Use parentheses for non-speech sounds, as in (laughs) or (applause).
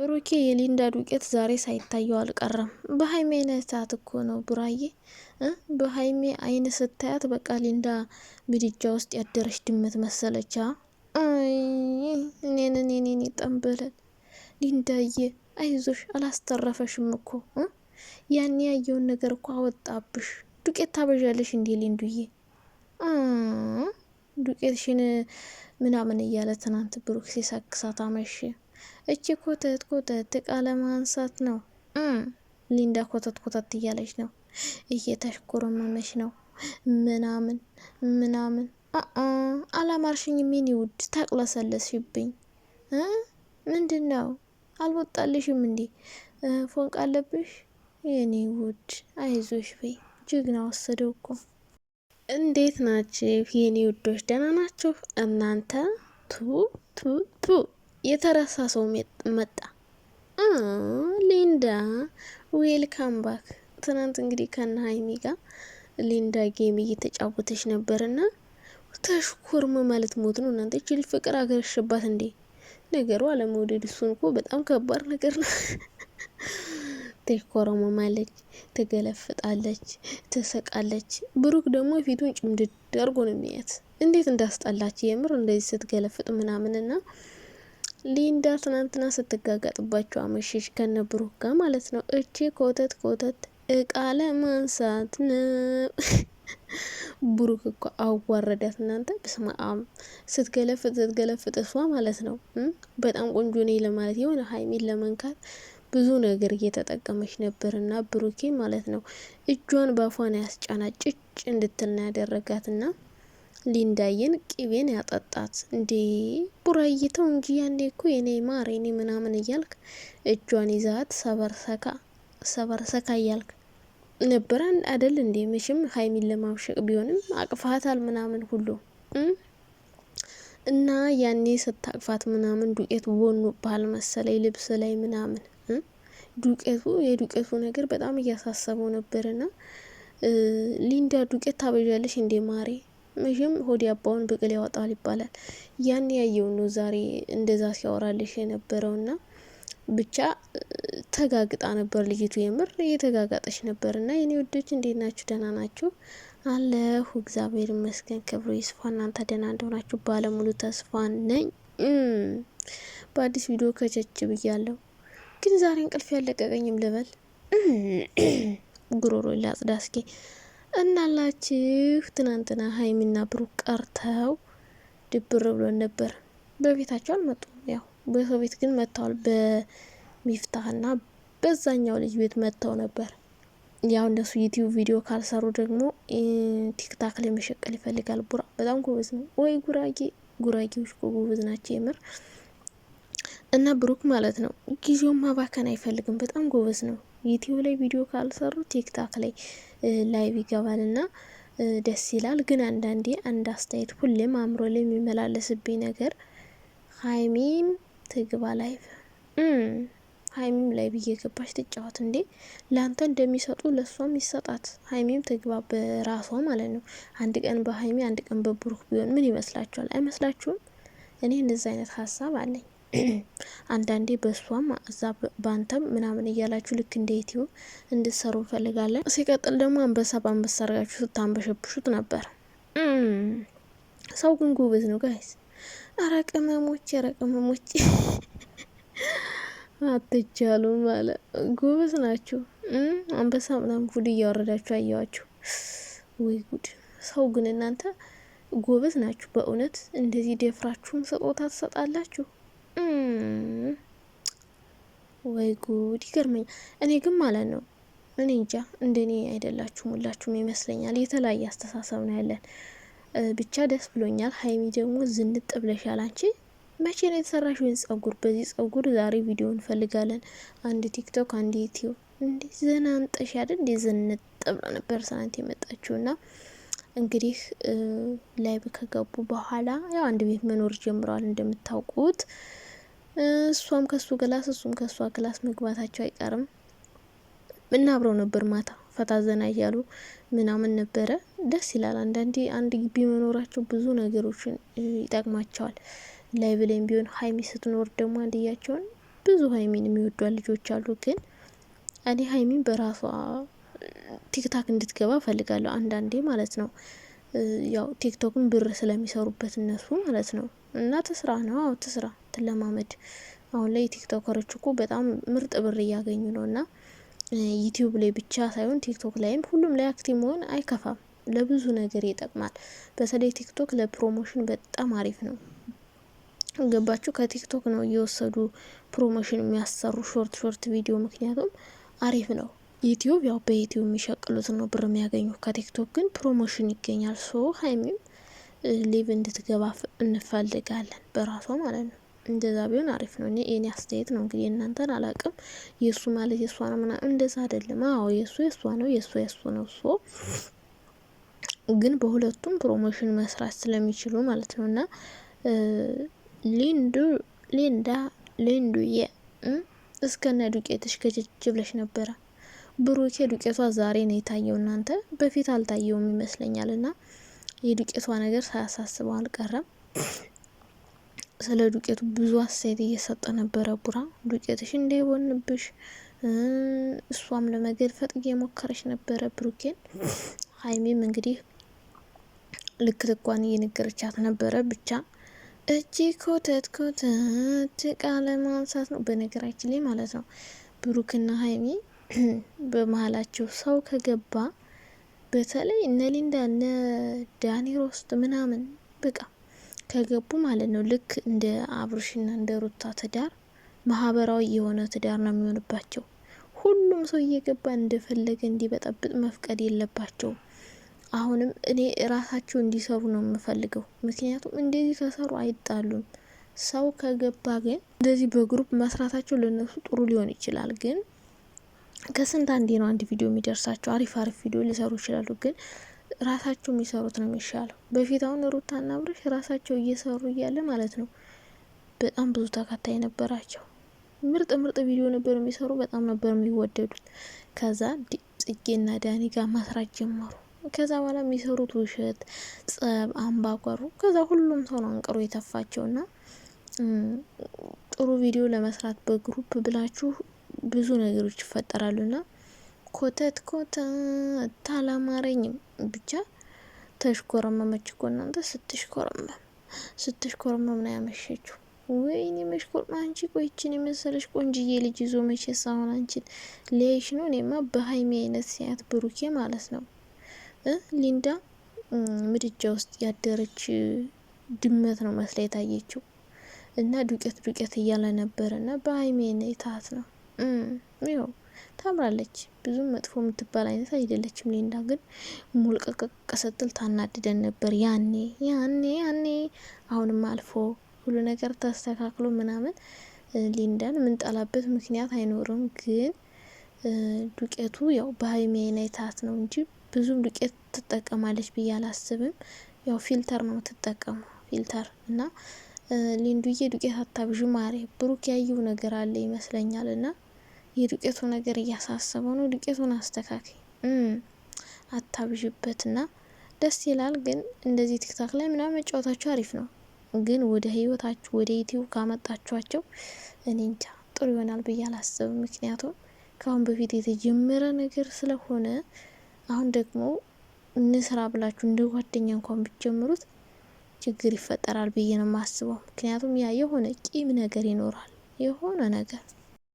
ብሩኬ የሊንዳ ዱቄት ዛሬ ሳይታየው አልቀረም። በሀይሜ አይነታት እኮ ነው ቡራዬ። በሀይሜ አይን ስታያት በቃ ሊንዳ ምድጃ ውስጥ ያደረች ድመት መሰለቻ። እኔን እኔን ይጠንበለን ሊንዳዬ፣ አይዞሽ አላስተረፈሽም እኮ ያን ያየውን ነገር እኮ አወጣብሽ። ዱቄት ታበዣለሽ እንዴ ሊንዱዬ? ዱቄትሽን ምናምን እያለ ትናንት ብሩክ ሲሳክሳት አመሽ እቺ ኮተት ኮተት እቃ ለማንሳት ነው። ሊንዳ ኮተት ኮተት እያለች ነው፣ እየተሽኮረመመች ነው። ምናምን ምናምን አላማርሽኝ ምን ይውድ ታቅለሰለሽብኝ ምንድን ነው? አልወጣልሽም እንዴ? ፎንቅ አለብሽ የኔ ውድ አይዞሽ በይ። ጀግና ወሰደው እኮ። እንዴት ናችሁ የኔ ውዶች? ደህና ናችሁ እናንተ? ቱ ቱ ቱ የተረሳ ሰው መጣ። ሊንዳ ዌልካም ባክ። ትናንት እንግዲህ ከነ ሀይሚ ጋር ሊንዳ ጌም እየተጫወተች ነበርና ተሽኮርም ማለት ሞት ነው እናንተ። ችል ፍቅር አገረሸባት እንዴ! ነገሩ አለመውደድ እሱን እኮ በጣም ከባድ ነገር ነው። ማለች፣ ትገለፍጣለች፣ ትስቃለች። ብሩክ ደግሞ ፊቱን ጭምድድ አድርጎ ነው የሚያት። እንዴት እንዳስጠላች የምር እንደዚህ ስትገለፍጥ ምናምንና ሊንዳ ትናንትና ስትጋጋጥባቸው አመሸች ከነ ብሩክ ጋር ማለት ነው። እቺ ኮተት ኮተት እቃ ለማንሳት ነው። (laughs) ብሩክ እኮ አዋረዳት እናንተ በስመ አብ። ስትገለፍጥ ስትገለፍጥ እሷ ማለት ነው በጣም ቆንጆ ነኝ ለማለት የሆነ ሀይሚን ለመንካት ብዙ ነገር እየተጠቀመች ነበር እና ብሩኬ ማለት ነው እጇን በአፏን ያስጫና ጭጭ እንድትልና ያደረጋት እና ሊንዳየን ቅቤን ያጠጣት እንዴ? ቡራይተው እንጂ ያኔ እኮ የኔ ማር የኔ ምናምን እያልክ እጇን ይዛት ሰበርሰካ ሰበርሰካ እያልክ ነበረ አደል እንዴ? መቼም ሀይሚን ለማብሸቅ ቢሆንም አቅፋታል ምናምን ሁሉ እና ያኔ ስታቅፋት ምናምን ዱቄት ወኑ ባል መሰለኝ ልብስ ላይ ምናምን ዱቄቱ የዱቄቱ ነገር በጣም እያሳሰበው ና ሊንዳ ዱቄት ታበዣለሽ እንዴ ማሬ መቼም ሆድ ያባውን ብቅል ያወጣል ይባላል። ያን ያየው ነው ዛሬ እንደዛ ሲያወራልሽ የነበረውና ብቻ ተጋግጣ ነበር ልጅቱ። የምር እየተጋጋጠች ነበር። እና የኔ ውዶች እንዴት ናችሁ? ደህና ናችሁ? አለሁ እግዚአብሔር ይመስገን፣ ክብሩ ይስፋ። እናንተ ደህና እንደሆናችሁ ባለሙሉ ተስፋ ነኝ። በአዲስ ቪዲዮ ከቸች ብያለሁ፣ ግን ዛሬ እንቅልፍ ያለቀቀኝም ልበል ጉሮሮ ላጽዳ እስኪ እናላችሁ ትናንትና ሀይሚና ብሩክ ቀርተው ድብር ብሎን ነበር። በቤታቸው አልመጡም። ያው በሰው ቤት ግን መጥተዋል። በሚፍታህና በዛኛው ልጅ ቤት መጥተው ነበር። ያው እነሱ ዩቲዩብ ቪዲዮ ካልሰሩ ደግሞ ቲክታክ ላይ መሸቀል ይፈልጋል። ቡራ በጣም ጎበዝ ነው። ወይ ጉራጌ ጉራጌዎች እኮ ጎበዝ ናቸው የምር። እና ብሩክ ማለት ነው ጊዜውን ማባከን አይፈልግም። በጣም ጎበዝ ነው። ዩቲዩብ ላይ ቪዲዮ ካልሰሩ ቲክታክ ላይ ላይቭ ይገባል እና ደስ ይላል። ግን አንዳንዴ አንድ አስተያየት ሁሌም አእምሮ ላይ የሚመላለስብኝ ነገር ሀይሚም ትግባ ላይቭ፣ ሀይሚም ላይቭ እየገባች ትጫወት እንዴ! ለአንተ እንደሚሰጡ ለእሷም ይሰጣት። ሀይሚም ትግባ በራሷ ማለት ነው። አንድ ቀን በሀይሚ አንድ ቀን በብሩክ ቢሆን ምን ይመስላችኋል? አይመስላችሁም? እኔ እንደዚ አይነት ሀሳብ አለኝ። አንዳንዴ በእሷም እዛ በአንተም ምናምን እያላችሁ ልክ እንደ ኢትዮ እንድትሰሩ እንፈልጋለን። ሲቀጥል ደግሞ አንበሳ በአንበሳ አርጋችሁ ስታንበሸብሹት ነበር። ሰው ግን ጎበዝ ነው ጋይስ። ኧረ ቅመሞች፣ ኧረ ቅመሞች (laughs) አትቻሉም አለ። ጎበዝ ናችሁ። አንበሳ ምናምን ጉድ እያወረዳችሁ አየዋችሁ። ወይ ጉድ! ሰው ግን እናንተ ጎበዝ ናችሁ በእውነት። እንደዚህ ደፍራችሁም ስጦታ ትሰጣላችሁ። ወይ ጉድ ይገርመኛል። እኔ ግን ማለት ነው እኔ እንጃ እንደኔ አይደላችሁም ሁላችሁም ይመስለኛል። የተለያየ አስተሳሰብ ነው ያለን። ብቻ ደስ ብሎኛል። ሀይሚ ደግሞ ዝንጥ ብለሻል አንቺ መቼ ነው የተሰራሽ? ወይን ጸጉር በዚህ ጸጉር ዛሬ ቪዲዮ እንፈልጋለን። አንድ ቲክቶክ አንድ ዩቲዩብ እንዴ ዘና አንጠሽ እንዴ ዝንጥ ብሎ ነበር ሰናንት ና እንግዲህ ላይ ከገቡ በኋላ ያው አንድ ቤት መኖር ጀምረዋል እንደምታውቁት። እሷም ከሱ ክላስ እሱም ከሷ ክላስ መግባታቸው አይቀርም እና አብረው ነበር ማታ ፈታ ዘና እያሉ ምናምን ነበረ። ደስ ይላል። አንዳንዴ አንድ ግቢ መኖራቸው ብዙ ነገሮችን ይጠቅማቸዋል። ላይ ብለን ቢሆን ሀይሚ ስትኖር ደግሞ አንድያቸውን ብዙ ሀይሚን የሚወዷት ልጆች አሉ። ግን እኔ ሀይሚን በራሷ ቲክታክ እንድትገባ ፈልጋለሁ። አንዳንዴ ማለት ነው ያው ቲክቶክን ብር ስለሚሰሩበት እነሱ ማለት ነው እና ትስራ ነው ትስራ ለማመድ አሁን ላይ ቲክቶከሮች እኮ በጣም ምርጥ ብር እያገኙ ነው እና ዩቲዩብ ላይ ብቻ ሳይሆን ቲክቶክ ላይም ሁሉም ላይ አክቲቭ መሆን አይከፋም። ለብዙ ነገር ይጠቅማል። በተለይ ቲክቶክ ለፕሮሞሽን በጣም አሪፍ ነው። ገባችሁ? ከቲክቶክ ነው እየወሰዱ ፕሮሞሽን የሚያሰሩ ሾርት ሾርት ቪዲዮ፣ ምክንያቱም አሪፍ ነው። ዩቲዩብ ያው በዩቲዩብ የሚሸቅሉት ነው ብር የሚያገኙ። ከቲክቶክ ግን ፕሮሞሽን ይገኛል። ሶ ሀይሚም ሊቭ እንድትገባ እንፈልጋለን፣ በራሷ ማለት ነው። እንደዛ ቢሆን አሪፍ ነው። እኔ የኔ አስተያየት ነው እንግዲህ እናንተን አላቅም። የእሱ ማለት የእሷ ነው ምና እንደዛ አይደለም። አዎ የእሱ የእሷ ነው፣ የእሷ የእሱ ነው። ሶ ግን በሁለቱም ፕሮሞሽን መስራት ስለሚችሉ ማለት ነው እና ሊንዱ ሊንዳ ሊንዱዬ እስከነ ዱቄትሽ ከጅጅ ብለሽ ነበረ። ብሩኬ ዱቄቷ ዛሬ ነው የታየው፣ እናንተ በፊት አልታየውም ይመስለኛል። እና የዱቄቷ ነገር ሳያሳስበው አልቀረም። ስለ ዱቄቱ ብዙ አስተያየት እየሰጠ ነበረ። ቡራ ዱቄትሽ እንዳይቦንብሽ፣ እሷም ለመገድፈጥ እየሞከረች ነበረ ብሩኬን። ሀይሚም እንግዲህ ልክ ትኳን እየነገረቻት ነበረ። ብቻ እጅ ኮተት ኮተት ቃለ ማንሳት ነው በነገራችን ላይ ማለት ነው። ብሩክና ሀይሚ (clears throat) በመሀላቸው ሰው ከገባ በተለይ እነ ሊንዳ እነ ዳኒ ሮስት ምናምን በቃ ከገቡ ማለት ነው ልክ እንደ አብርሽና እንደ ሩታ ትዳር ማህበራዊ የሆነ ትዳር ነው የሚሆንባቸው። ሁሉም ሰው እየገባ እንደፈለገ እንዲበጠብጥ መፍቀድ የለባቸውም። አሁንም እኔ ራሳቸው እንዲሰሩ ነው የምፈልገው። ምክንያቱም እንደዚህ ከሰሩ አይጣሉም። ሰው ከገባ ግን እንደዚህ በግሩፕ መስራታቸው ለነሱ ጥሩ ሊሆን ይችላል። ግን ከስንት አንዴ ነው አንድ ቪዲዮ የሚደርሳቸው። አሪፍ አሪፍ ቪዲዮ ሊሰሩ ይችላሉ ግን ራሳቸው የሚሰሩት ነው የሚሻለው። በፊት አሁን ሩታና ብርሽ ራሳቸው እየሰሩ እያለ ማለት ነው በጣም ብዙ ተከታይ ነበራቸው። ምርጥ ምርጥ ቪዲዮ ነበር የሚሰሩ፣ በጣም ነበር የሚወደዱት። ከዛ ጽጌና ዳኒ ጋር ማስራት ጀመሩ። ከዛ በኋላ የሚሰሩት ውሸት፣ ጸብ፣ አምባጓሮ ከዛ ሁሉም ሰው ነው የተፋቸው እና ጥሩ ቪዲዮ ለመስራት በግሩፕ ብላችሁ ብዙ ነገሮች ይፈጠራሉና ኮተት ኮተት አላማረኝም። ብቻ ተሽኮረመመች እኮ እናንተ ስትሽኮረመም ስትሽኮረመም ነው ያመሸችው። ወይኔ መሽኮር አንቺ ቆይችን የመሰለች ቆንጅዬ ልጅ ይዞ መቼ ሳሆን አንቺን ሊያይሽ ነው። እኔማ በሀይሚ አይነት ሲያት ብሩኬ ማለት ነው ሊንዳ ምድጃ ውስጥ ያደረች ድመት ነው መስላ የታየችው እና ዱቄት ዱቄት እያለ ነበር እና በሀይሜ ነው የታት ነው ይኸው ታምራለች። ብዙም መጥፎ የምትባል አይነት አይደለችም። ሌንዳ ግን ሞልቀቀቀ ስትል ታናድደን ነበር ያኔ ያኔ ያኔ። አሁንም አልፎ ሁሉ ነገር ተስተካክሎ ምናምን ሊንዳን የምንጠላበት ምክንያት አይኖርም። ግን ዱቄቱ ያው በሀይሚ አይነታት ነው እንጂ ብዙም ዱቄት ትጠቀማለች ብዬ አላስብም። ያው ፊልተር ነው የምትጠቀመው ፊልተር እና ሊንዱዬ ዱቄት አታብዥ ማሬ። ብሩክ ያየው ነገር አለ ይመስለኛል እና የዱቄቱ ነገር እያሳሰበው ነው። ዱቄቱን አታብዥበት አታብዥበትና ደስ ይላል። ግን እንደዚህ ቲክታክ ላይ ምናምን መጫወታችሁ አሪፍ ነው። ግን ወደ ህይወታችሁ ወደ ዩቲዩብ ካመጣችኋቸው እኔ እንጃ ጥሩ ይሆናል ብዬ አላስብም። ምክንያቱም ከአሁን በፊት የተጀመረ ነገር ስለሆነ አሁን ደግሞ እንስራ ብላችሁ እንደ ጓደኛ እንኳን ብትጀምሩት ችግር ይፈጠራል ብዬ ነው የማስበው። ምክንያቱም ያ የሆነ ቂም ነገር ይኖራል የሆነ ነገር